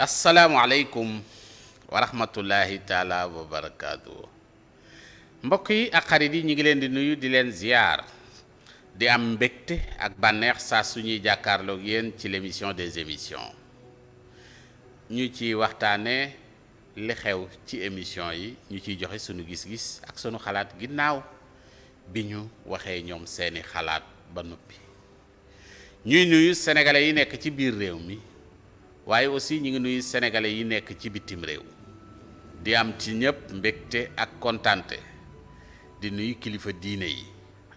asalaamualeykum wa rahmatullahi taala wa barakaatu mbokk yi ak xarit yi ñu ngi leen di nuyu di leen ziar di am mbégte ak bànneex saa suñuy jàkkaarloog yéen ci l'émission des émissions ñu ci waxtaanee li xew ci émission yi ñu ciy joxe suñu gis-gis ak sunu xalaat ginnaaw bi ñu waxee ñoom seeni xalaat ba noppi ñuy nuyu sénégalais yi nekk ci biir réew mi waaye aussi ñu ngi nuyu sénégalais yi nekk ci bitim réew di am ci ñëpp mbégte ak kontaante di nuyu kilifa diine yi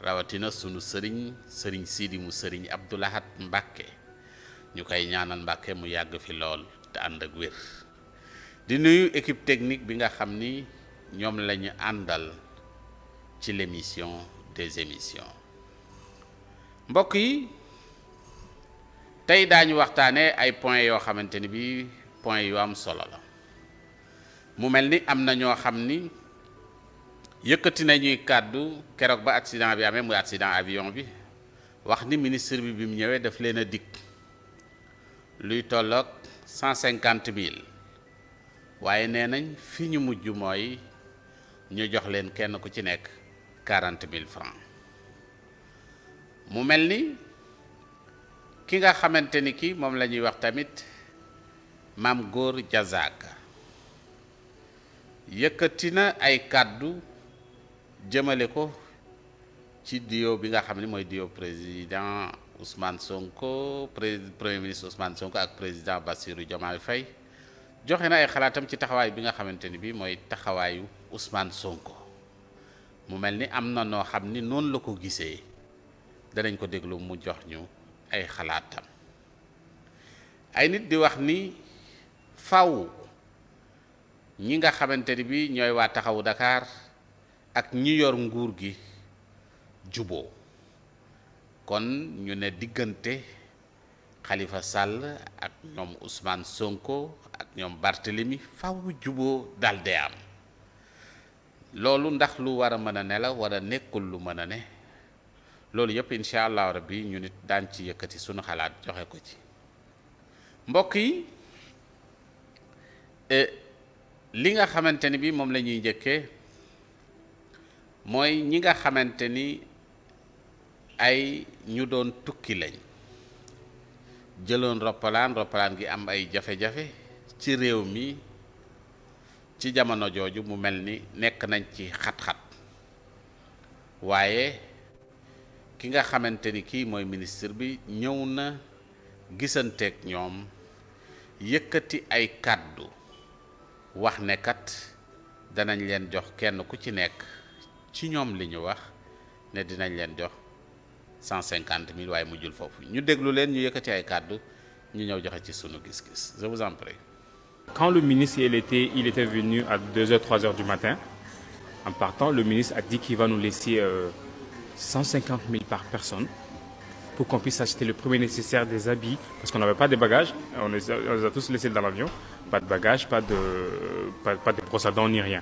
rawatina sunu sëriñ sëriñ Sidi mu sëriñ Abdou Lahad Mbacke ñu koy ñaanal Mbacke mu yàgg fi lool te ànd ak wér di nuyu équipe technique bi nga xam ni ñoom lañu àndal ci l'émission des émissions mbokk yi. tey daañu waxtaanee ay points yoo xamante ni bii points yu am solo la mu mel ni am na ñoo xam ni yëkkati nañuy kàddu keroog ba accident bi amee muy accident avion bi wax ni ministre bi bi mu ñëwee daf leen a dikk luy tolloog cent cinquante mille waaye nee nañ fi ñu mujj mooy ñu jox leen kenn ku ci nekk quarante mille francs mu mel ni. ki nga xamante ni kii moom lañuy wax tamit maam góor jazaaka yëkkati na ay kàddu jëmale ko ci duo bi nga xam ne mooy duo président Ousmane Sonko premier ministre Ousmane Sonko ak président Bassirou Diomaye Faye joxe na ay xalaatam ci taxawaay bi nga xamante ni bii mooy taxawaayu Ousmane Sonko mu mel ni am na noo xam ni noonu la ko gisee danañ ko déglu mu jox ñu. ay xalaatam ay nit di wax ni faw ñi nga xamante ni bi ñooy waa taxawu dakaar ak ñi yor nguur gi juboo kon ñu ne diggante xalifa sàll ak ñoom Ousmane Sonko ak ñoom Barthélemy faw juboo dal am loolu ndax lu war a mën a ne la war a nekkul lu mën a ne loolu yëpp incha allah rabbi ñu nit daan ci yëkkati sunu xalaat joxe ko ci mbokk yi e, li nga xamante ni bi moom lañuy njëkkee mooy ñi nga xamante ni ay ñu doon tukki lañ jëloon roppalaan roppalaan gi am ay jafe-jafe ci réew mi ci jamono jooju mu mel ni nekk nañ ci xat-xat waaye ki nga xamante ni kii mooy ministre bi ñëw na gisanteek ñoom yëkkati ay kàddu wax ne kat danañ leen jox kenn ku ci nekk ci ñoom li ñu wax ne dinañ leen jox cent cinquante mille waaye mujjul foofu ñu déglu leen ñu yëkkati ay kàddu ñu ñëw joxe ci sunu gis-gis je vous en prie. Quand le ministre il était il était venu à 2 heures 3 heures du matin en partant le ministre a dit qu'il va nous laisser. Euh, 150 000 par personne pour qu'on puisse acheter le premier nécessaire des habits, parce qu'on n'avait pas de bagages, on les, a, on les a, tous laissés dans l'avion, pas de bagages, pas de, pas, pas de brosse à dents ni rien.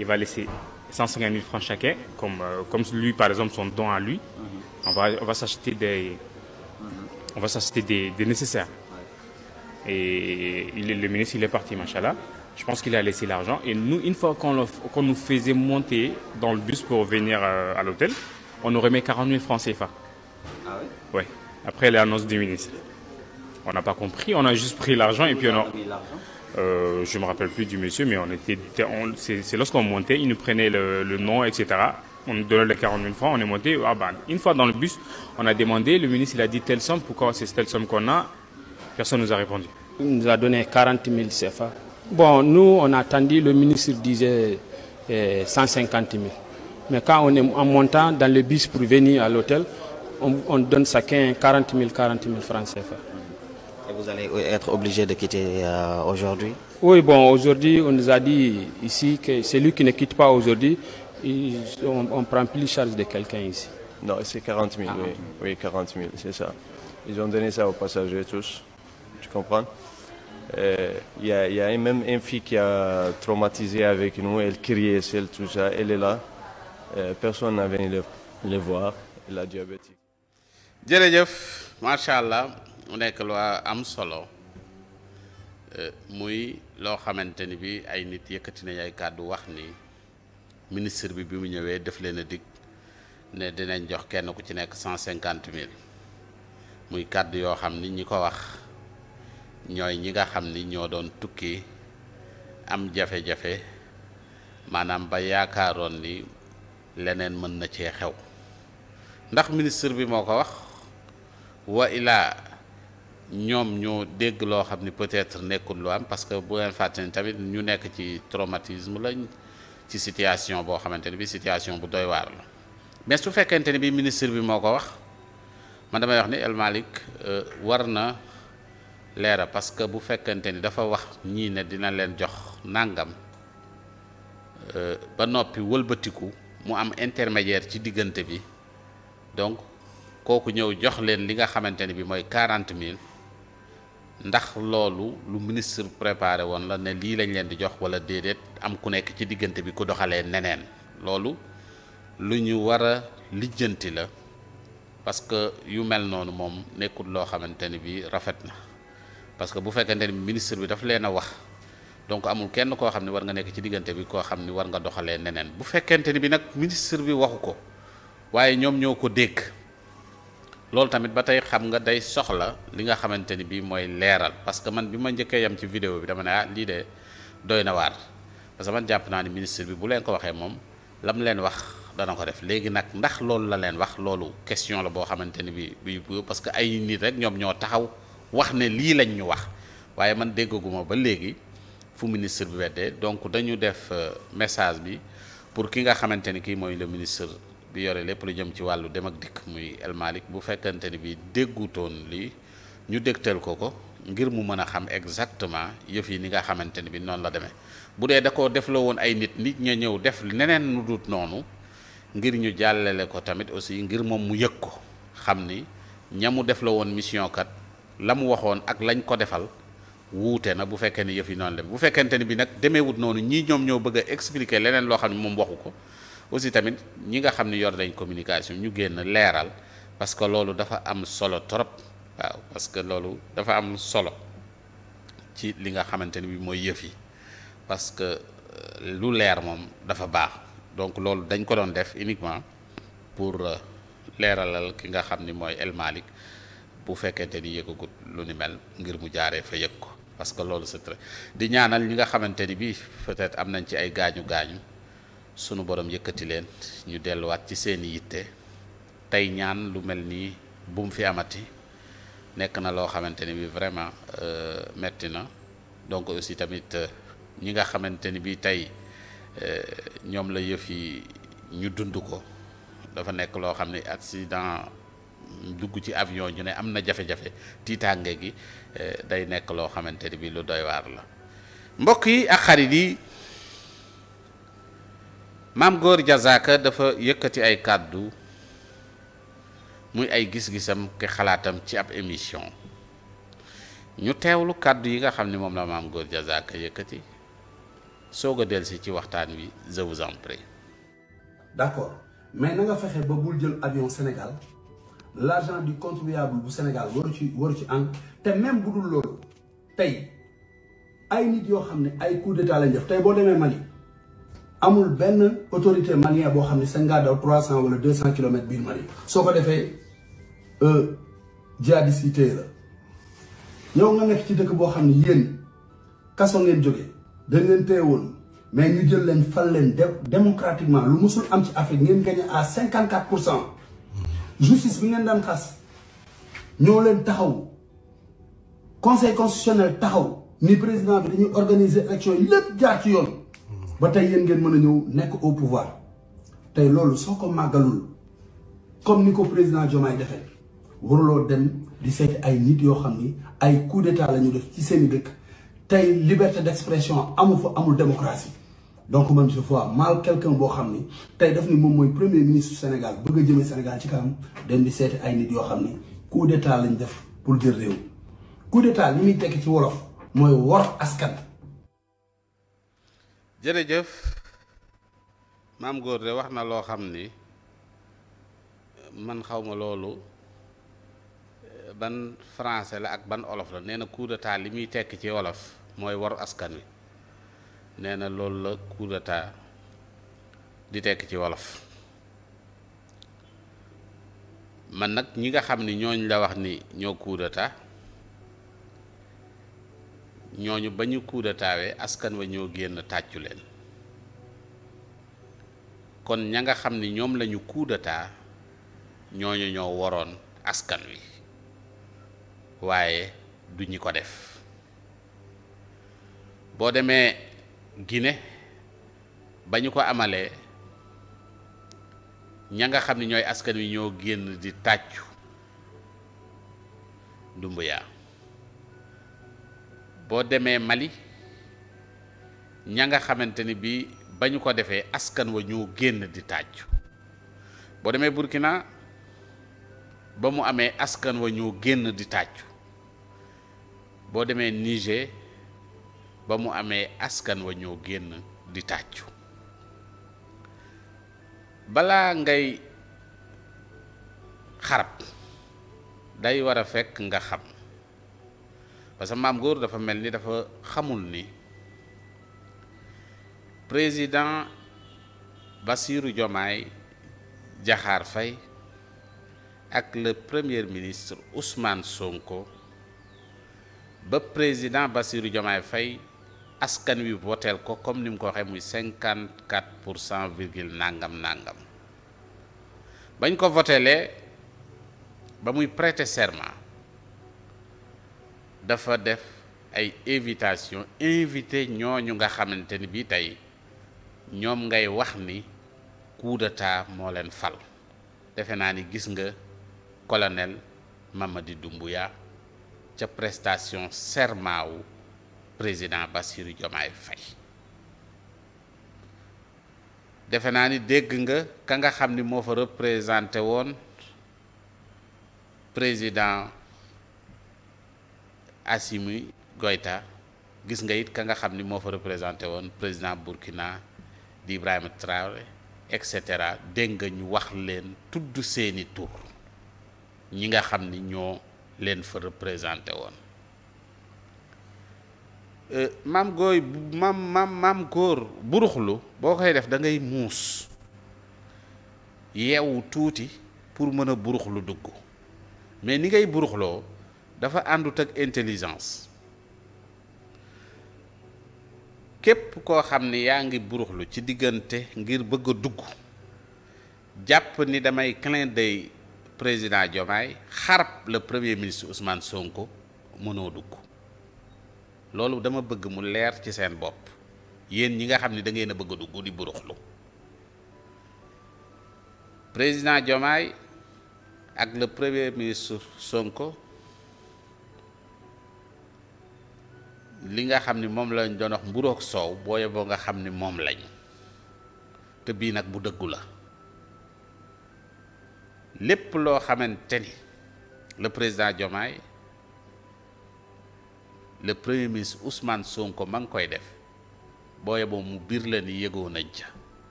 Il va laisser 150 000 francs chacun, comme, euh, comme lui par exemple son don à lui, mhm. on va, on va s'acheter des, mhm. on va s'acheter des, des, nécessaires. Et il, le ministre il est parti, machallah. Je pense qu'il a laissé l'argent. Et nous, une fois qu'on qu nous faisait monter dans le bus pour venir à, euh, à l'hôtel, on nous remet 40 000 francs CFA. Ah oui Ouais, après l'annonce du ministre. On n'a pas compris, on a juste pris l'argent et euh, je me rappelle plus du monsieur, mais on était, c'est lorsqu'on montait, il nous prenait le, nom, etc. On est monté. Ah ben, une fois dans le bus, on a demandé, le ministre il a dit telle somme, pourquoi c'est telle somme qu'on a Personne nous a répondu. Il nous a donné 40 000 Bon, nous, a attendu, le ministre disait eh, Mais quand on est en montant dans le bus pour venir à l'hôtel, on, on, donne chacun 40 000, 40 000 francs CFA. Et vous allez être obligé de quitter euh, aujourd'hui Oui, bon, aujourd'hui, on nous a dit ici que celui qui ne quitte pas aujourd'hui, on, on, prend plus charge de quelqu'un ici. Non, c'est 40 000, ah, oui. oui, 40 000, c'est ça. Ils ont donné ça aux passagers tous, tu comprends euh, il euh, y, a, y a même une fille qui a traumatisé avec nous, elle criait, elle, tout ça, elle est là. Euh, personne n'a venu le, le voir il a diabétique. jërëjëf macha allah mu nekk lu am solo euh, muy loo xamante ni bi ay nit yëkkati nañ ay kàddu wax ni ministre bi bi mu ñëwee def leen a dig ne dinañ jox kenn ku ci nekk cent cinquante mille muy kàddu yoo xam ni ñi ko wax ñooy ñi nga xam ni ñoo doon tukki am jafe-jafe maanaam ba yaakaaroon ni. leneen mën na cee xew ndax ministre bi moo ko wax wa ilaa ñoom ñoo dégg loo xam ni peut-être nekkul lu am parce que bu leen ni tamit ñu nekk ci traumatisme lañ ci situation boo xamante ni bi situation bu doy waar la mais su fekkente ni bi ministre bi moo ko wax man damay wax ni El Malick euh, war na leera parce que bu fekkente ni dafa wax ñii ne dina leen jox nàngam euh, ba noppi wëlbatiku mu am intermédiaire ci diggante bi donc kooku ñëw jox leen li nga xamante ne bi mooy quarante mille ndax loolu lu ministre préparer woon la ne lii lañ leen di jox wala déedéet am ku nekk ci diggante bi ku doxalee neneen loolu lu ñu war a lijjanti la parce que yu mel noonu moom nekkul loo xamante ni bi rafet na parce que bu fekkente ni ministre bi daf leen a wax donc amul kenn koo xam ne war nga nekk ci diggante bi koo xam ni war nga doxalee neneen bu fekkente ni bi nag ministre bi waxu ko waaye ñoom ñoo ko dégg loolu tamit ba tey xam nga day soxla li nga xamante ni bii mooy leeral parce que man bi ma njëkkee yam ci vidéo bi dama ne ah, lii de doy na waar parce jàpp naa ni ministre bi bu leen ko waxee moom lam leen wax dana ko def léegi nag ndax loolu la leen wax loolu question la boo xamante ni bi bi parce que ay nit rek ñoom ñoo taxaw wax ne lii lañ ñu wax waaye man déggaguma ba léegi fu ministre bi weddee donc dañu def euh, message bi pour ki nga xamante ni kii mooy le ministre bi yore lépp lu jëm ci wàllu dem ak dikk muy El bu fekkante ni bi déggutoon lii ñu dégtal ko ko ngir mu mën a xam exactement yëf yi ni nga xamante ni bi noonu la demee bu dee da koo defloo woon ay nit nit ña ñëw def neneen nu dut noonu ngir ñu jàllale ko tamit aussi ngir moom mu yëg ko xam ni ña mu defloo woon mission kat la mu waxoon ak lañ ko defal wuute na bu fekkee ni yëf yi noonu la bu fekkente ni bi nag demeewut noonu ñii ñoom ñoo bëgg a expliquer leneen loo xam ne moom waxu ko aussi tamit ñi nga xam ne yor nañ communication ñu génn leeral parce que loolu dafa am solo trop parce que loolu dafa am solo ci li nga xamante ni bi mooy yëf yi parce que euh, lu leer moom dafa baax donc loolu dañ ko doon def uniquement pour euh, leeralal ki nga xam ni mooy El Malick bu fekkente ni yëgagut lu ni mel ngir mu jaaree fa yëg ko parce que loolu c'est très di ñaanal ñi nga xamante ni bii peut-être am nañ ci ay gaañu gaañu sunu borom yëkkati leen ñu delluwaat ci seen yitte tey ñaan lu mel nii bu fi amati nekk na loo xamante ni bii vraiment euh, metti na donc aussi tamit euh, ñi nga xamante ni bii tey euh, ñoom la yëf yi ñu dund ko dafa nekk loo xam ne accident. dugg ci avion ñu ne am na jafe-jafe tiitaange gi eh, day nekk loo xamante ni bi lu doy waar la mbokk yi ak xarit yi maam góor jazaaka dafa yëkkati ay kàddu muy ay gis-gisam ki xalaatam ci ab émission ñu teewlu kàddu yi nga xam ni moom la maam góor jazaaka yëkkati soog a delsi ci waxtaan wi je vous d'accord mais na fexe ba bul jël avion Sénégal. l' argent du contribuable bu Sénégal waru ci waru ci ànd te même bu dul loolu tey ay nit yoo xam ne ay coup d'état lañ def tey boo demee Mali amul benn autorité malien boo xam ne sa ngaa cent wala deux cent kilomètres biir Mali soo ko defee euh, jihadis yi téye la ñëw nga nekk ci dëkk boo xam ne yéen kaso ngeen jóge dañ leen téye woon mais ñu jël leen fal leen démocratiquement lu musul am ci Afrique ngeen gagné à cinquante pour cent justice bi ngeen daan xas ñoo leen taxaw conseil constitutionnel taxaw ni président bi dañuy organiser élection yi lépp jaar ci yoon ba tey yéen ngeen mën a ñëw nekk au pouvoir tey loolu soo ko màggalul comme ni ko président Diomaye defee waruloo dem di seeti ay nit yoo xam ni ay coup d'état la ñu def ci seen i dëkk tey liberté d'expression amu fa amul démocratie donc man je vois mal quelqu'un boo xam ni tey daf ni moom mooy premier ministre Sénégal bëgg a jëmee Sénégal ci kaam dem di seeti ay nit yoo xam ni coup d'état lañ def pour jël réew mi d'état tekki ci wolof mooy wor askan. jërëjëf maam de wax na loo xam ni man xawma loolu ban français la ak ban olof la nee na coup li muy tekk ci wolof mooy wor askan wi. nee na loolu la coup di tekk ci wolof man nag ñi nga xam ni ñooñ la wax ni ñoo coup ñooñu ba ñu coup d'étatwee askan wa ñoo génn tàccu leen kon ña nga xam ni ñoom lañu coup ñooñu ñoo waroon askan wi waaye du ñi ko def boo demee Guinée ba ñu ko amalee ña nga xam ne ñooy askan wi ñoo génn di tàccu Dumbuya boo demee Mali ña nga xamante ni bi ba ñu ko defee askan wa ñoo génn di tàccu boo demee Burkina ba mu amee askan wa ñoo génn di tàccu boo demee Niger. ba mu amee askan wa ñoo génn di tàccu balaa ngay xarab day war a fekk nga xam parce que maam góor dafa mel ni dafa xamul ni président Bassirou Diomaye jaxaar Faye ak le premier ministre Ousmane Sonko ba président Bassirou Diomaye Faye askan wi voteel ko comme ni mu ko waxee muy cinquante quatre pour cent virgule nangam nangam bañ ko voteelee ba muy prêter serment dafa def ay invitation invité ñooñu nga xamante ni bii tey ñoom ngay wax ni coup d'état moo leen fal defe naa ni gis nga colonel Mamadi Doumbouya ca prestation serment wu président Bassirou Diomaye Faye defe naa ni dégg nga ka nga xam ni moo fa représenté woon président Assimi goyta gis nga it ka nga xam ni moo fa représenté woon président Burkina di Ibrahima Traoré et cetera dégg nga ñu wax leen tudd seeni tur ñi nga xam ni ñoo leen fa représenté woon maam gooy maam maam maam góor buruxlu boo koy def dangay ngay muus yeewu tuuti pour mën a buruxlu dugg mais ni ngay buruxloo dafa àndut ak intelligence képp koo xam ni yaa ngi buruxlu ci diggante ngir bëgg a dugg jàpp ni damay clin d'œil président Diomaye xarab le premier ministre Ousmane Sonko mënoo dugg loolu dama bëgg mu leer ci seen bopp yéen ñi nga xam ne da ngeen a bëgg a dugg di buruxlu président Diomaye ak le premier ministre Sonko li nga xam ni moom lañ doon wax mburoog soow boo yeboo nga xam ni moom lañ te bii nag bu dëggu la lépp loo xamante ni le président Diomaye le premier ministre Ousmane Sonko ma ngi koy def boo yeboo mu biir la ni yëgoo nañ ca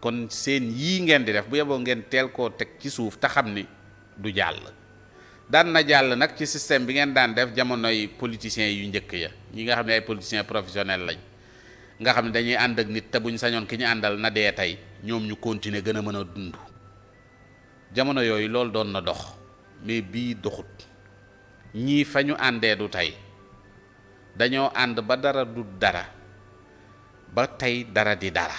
kon seen yii ngeen di def bu yeboo ngeen teel koo teg ci suuf te xam ni du jàll daan na jàll nag ci système bi ngeen daan def jamonoy politiciens yu njëkk ya ñi nga xam ne ay politiciens professionnels lañ nga xam ne dañuy ànd ak nit te buñ sañoon ki ñu àndal na dee tey ñoom ñu continuer gën a mën a dund jamono yooyu loolu doon na dox mais bii doxut ñii fa ñu àndee du tey dañoo ànd ba dara du dara ba tey dara di dara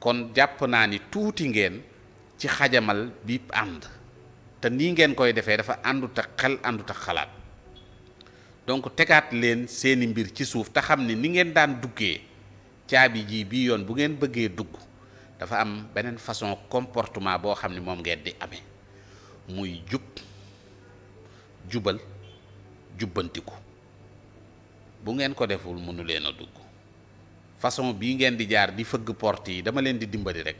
kon jàpp naa ni tuuti ngeen ci xajamal bi ànd te nii ngeen koy defee dafa àndut xel àndut xalaat donc tegaat leen seeni mbir ci suuf te xam ne ni ngeen daan duggee caabi ji bii yoon bu ngeen bëggee dugg dafa am beneen façon comportement boo xam ne moom ngeen di ame muy jub jubal jubbantiku bu ngeen ko deful mënu leen a dugg façon bii ngeen di jaar di fëgg port yi dama leen di dimbali rek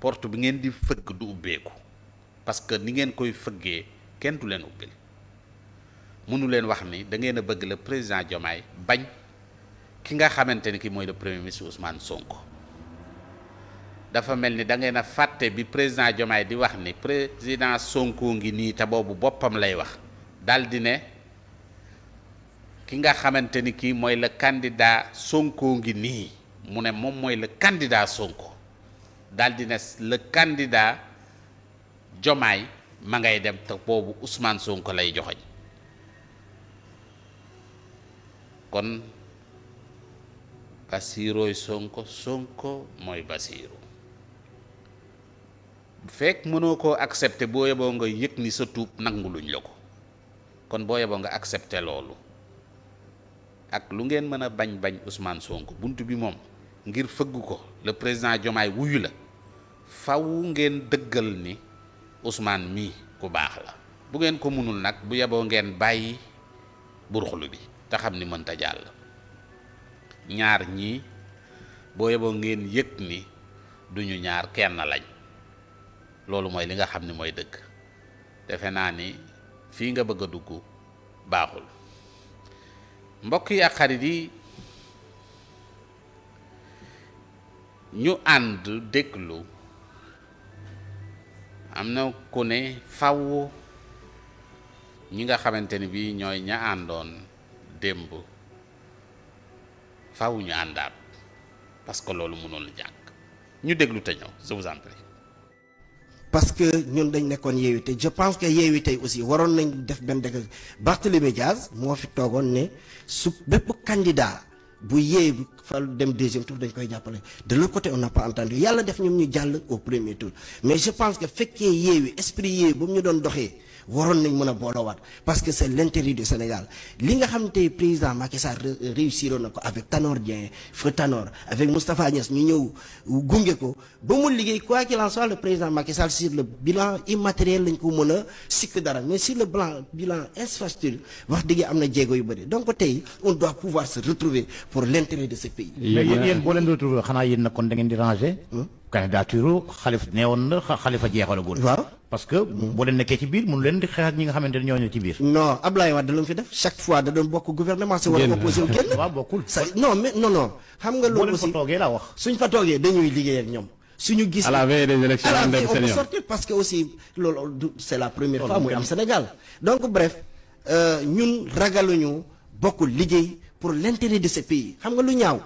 porte bi ngeen di fëgg du ubbeeku parce que ni ngeen koy fëggee kenn du leen ubbil mënu leen wax ni da ngeen a bëgg la président Diomaye bañ ki nga xamante ni ki mooy le premier ministre Ousmane Sonko dafa mel ni da ngeen a fàtte bi président Diomaye di wax ni président Sonko ngi nii te boobu boppam lay wax daal di ne. ki nga xamante ni kii mooy la candidat sonkoo ngi nii mu ne moom mooy la kandidaa Sonko daldi di ne le candidat Jomaay ma ngay dem te boobu Ousmane Sonko lay joxoñ kon Basirooy Sonko Sonko mooy Basiru fekk mënoo koo accepter boo yeboo nga yëg ni sa tuub nangu luñ la ko kon boo yeboo nga accepter loolu ak lu ngeen mën a bañ bañ usmaan sonk bunt bi moom ngir fëgg ko le président Diomaye wuyu la faw ngeen dëggal ni Ousmane mii ku baax la bu ngeen ko mënul nag bu yeboo ngeen bàyyi burxulu bi te xam ni mënta jàll ñaar ñii boo yeboo ngeen yëg ni duñu ñaar kenn lañ loolu mooy li nga xam ni mooy dëgg defe naa ni fii nga bëgg a dugg baaxul mbokk yi ak xarit yi ñu ànd déglu am na ku ne faw ñi nga xamante ni bii ñooy ña àndoon démb faw ñu àndaat parce que loolu mënul jàkk ñu déglu te ñëw parce que ñun dañ nekkoon Yewwi tey je pense que Yewwi tey aussi waroon nañ def benn dëkk Barthélémy Diaz moo fi toogoon ne su bépp candidat bu Yewwi fal dem deuxième tour dañ koy jàppale da l'autre côté on n'a pas entendu yàlla def ñoom ñu jàll au premier tour mais je pense que fekkee Yewwi esprit yi bu mu ñu doon doxee waroon nañ mën a booloowaat parce que c'est l'intérêt du Sénégal li nga xam tey président Macky Sall réussir na ko avec Tanor Dieng Feu Tanor avec Moustapha Niass ñu ñëw gunge ko ba mu liggéey quoi qu'il en soit président Macky Sall sur le bilan immatériel lañ ko mën a sikk dara mais sur le bilan bilan infrastructure wax dëgg am na jéego yu bëri donc tey on doit pouvoir se retrouver pour l'intérêt de ce pays. mais boo leen retrouver xanaa yéen na kon da ngeen di ranger. Hmm? candidature Khalifa neewoon na Khalifa jeexalagul. waaw. parce que mm. boo leen nekkee ci biir mënu leen di xeex ak ñi nga xamante ne ñoo ñëw ci biir non Ablaye Wade lu mu fi def chaque fois da doon bokk gouvernement si wala opposition génn bokkul non non non xam nga loolu aussi suñ fa toogee dañuy liggéey ak ñoom suñu gis à la des élections à la veille sortir parce que aussi loolu c'est la première oh, fois muy am Sénégal donc bref euh, ñun ragaluñu bokk liggéey pour l'intérêt de ce pays xam nga lu ñaaw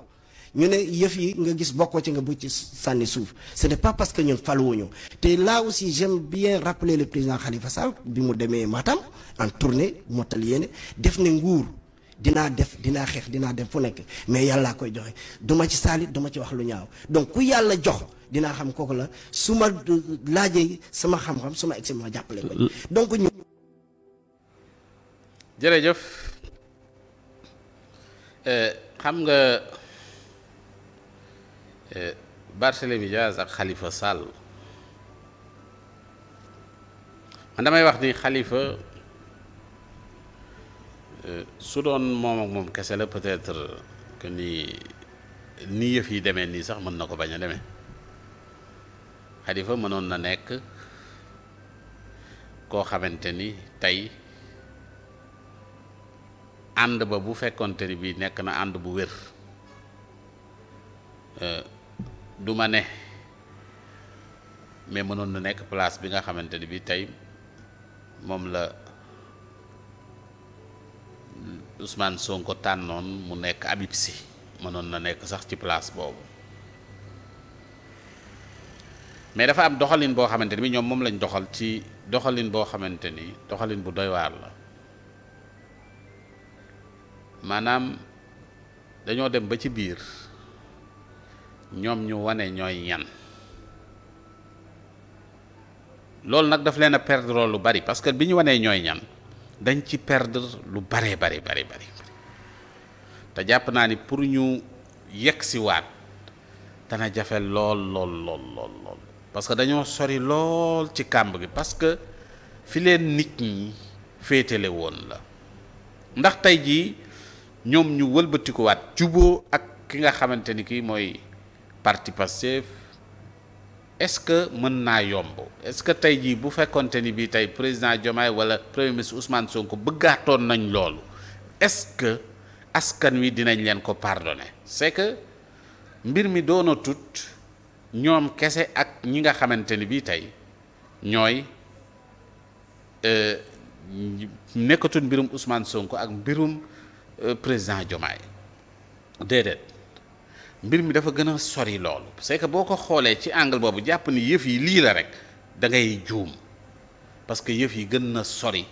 ñu ne yëf yi nga gis bokkoo ci nga bu ci sànni suuf ce n'est pas parce que ñun faluwuñu te là aussi j'aime bien rappeler le président Khalifa Sall bi mu demee Matam en tournée mottal yéene def ne nguur dinaa def dinaa xeex dinaa dem fu nekk mais yàllaa koy joxe duma ci saalit duma ci wax lu ñaaw donc ku yàlla jox dinaa xam kooku la suma ma euh, laajee sama xam-xam su ma jàppale ko euh, euh. donc ñu jërëjëf xam nga Eh, Barthélemy Diaz ak Khalifa Sall man damay wax ni xalifa eh, su doon moom moom kese la peut-être que nii yëf yi deme nii sax mën na ko bañ a deme Khalifa mënoon na nekk koo xamante ni tey ànd ba bu fekkonte ni bii nekk na ànd bu wér. Eh, du ma ne mais mënoon na nekk place bi nga xamante ni bi tey moom la Ousmane Sonko tànnoon mu nekk Habib Sy mënoon na nekk sax ci place boobu mais dafa am doxalin boo xamante ni bi ñoom moom lañ doxal ci doxalin boo xamante ni doxalin bu doy waar la maanaam dañoo dem ba ci biir ñoom ñu wane ñooy ñan loolu nag daf leen a perdre lu bari parce que bi ñu wanee ñooy ñan dañ ci perdre lu baree bari bari bari te jàpp naa ni pour ñu yegg si waat dana jafe lool lool lool lool que dañoo sori lool ci kàmb gi parce que fi leen nit ñi féetale woon la ndax tey jii ñoom ñu wëlbatikuwaat juboo ak ki nga xamante ni kii mooy parti Pastef est-ce que mën naa yomb est-ce que tey jii bu fekkonte ni bii tey président Diomaye wala premier ministre Ousmane Sonko bëggaatoon nañ loolu est-ce que askan wi dinañ leen ko pardonner c'est que mbir mi doona tut ñoom kese ak ñi nga xamante ni bii tey ñooy euh, nekkatul mbirum Ousmane Sonko ak mbirum euh, président Diomaye déedéet. mbir mi dafa gën a sori loolu c'est que boo ko xoolee ci angle boobu jàpp ni yëf yi lii la rek da ngay juum parce que yëf yi gën na sori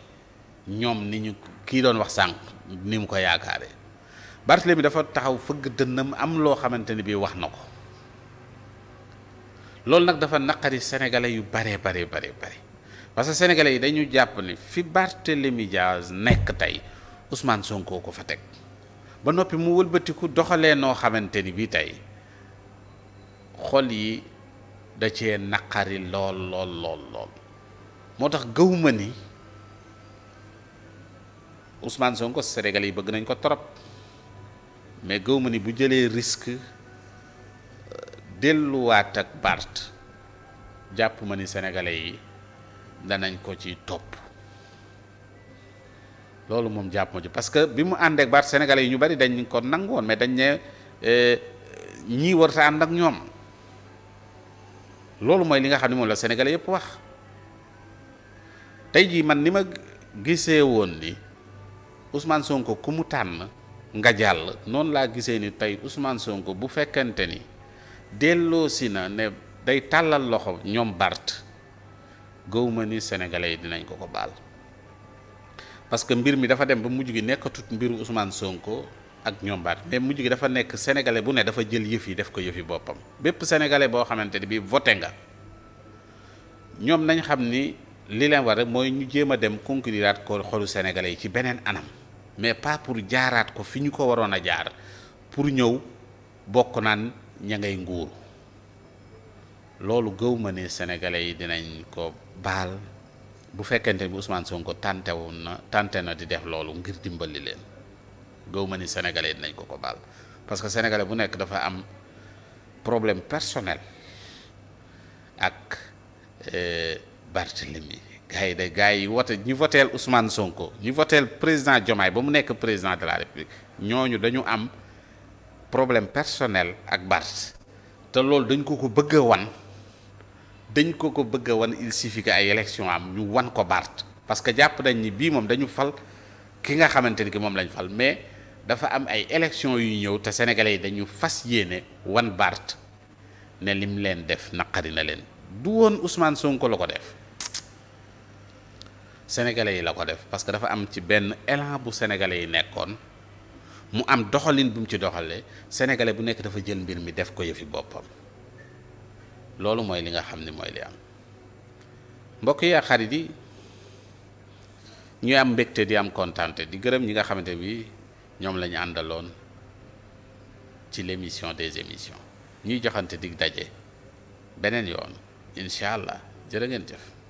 ñoom ni ñu kii doon wax sànq ni mu ko yaakaare Barthélemy dafa taxaw fëgg dënnam am loo xamante ni bii wax na ko loolu nag dafa naqari sénégalais yu bare bare bare bare parce que sénégalais yi dañu jàpp ni fi Barthélemy Dias nekk tey Ousmane sonkoo ko fa teg ba noppi mu wëlbatiku doxalee noo xamante ni bii tey xol yi da cee naqari lool lool lool moo tax gëwuma ni Ousmane Sonko Sénégalais yi bëgg nañ ko trop mais gëwuma ni bu jëlee risque euh, delluwaat ak Barth jàpp ma ni sénégalais yi danañ ko ci topp loolu moom jàpp ma ci parce que bi mu ànd ak baat yi ñu bari dañ ko nangu woon mais dañ ne eh, ñii warut a ànd ak ñoom loolu mooy li nga xam ne moom la sénégalais yëpp wax tey jii man ni ma gisee woon ni Ousmane Sonko ku mu tànn nga jàll noonu laa gisee ni tey Ousmane Sonko bu fekkente ni delloosi na ne day tàllal loxo ñoom Bart gëwuma ni senegale yi dinañ ko ko baal. parce que mbir mi dafa dem ba mujj gi nekkatut mbiru Ousmane Sonko ak ñoom baat mais mujj gi dafa nekk sénégalais bu ne dafa jël yëf yi def ko yëfi boppam bépp sénégalais boo xamante ni bii voté nga ñoom nañ xam ni li leen war rek mooy ñu jéem a dem conquériraat ko xolu sénégalais yi ci beneen anam mais pas pour jaaraat ko fi ñu ko waroon a jaar pour ñëw bokk naan ña ngay nguuru loolu gëw ma ne sénégalais yi dinañ ko baal. bu fekkente bi Ousmane Sonko tànte woon na tànte na di def loolu ngir dimbali leen gëw ma ni sénégalais dinañ ko ko baal parce que sénégalais bu nekk dafa am problème personnel ak euh, Barthélemy gars yi de gars yi wote ñi voteel Ousmane Sonko ñi voteel président Diomaye ba mu nekk président de la République ñooñu dañu am problème personnel ak Barth te loolu dañ ko ko bëgg won dañ ko ko bëgg wan il suffit ay élection am ñu wan ko Barth parce que jàpp nañ ni bii moom dañu fal ki nga xamante ni ki moom lañ fal mais dafa am ay élection yu ñëw te sénégalais yi dañu fas yéene wan Barth ne lim leen def naqari na leen du woon Ousmane Sonko la ko def sénégalais yi la ko def parce que dafa am ci benn élan bu sénégalais yi nekkoon mu am doxalin bu mu ci doxalee sénégalais bu nekk dafa jël mbir mi def ko yëfi boppam. loolu mooy li nga xam ni mooy li am mbokk yi ak xarit yi ñuy am mbégte di am kontaante di gërëm ñi nga xamante bi ñoom la ñu àndaloon ci l'émission des émissions ñuy joxante dig daje beneen yoon incha allah jërë ngeen jëf.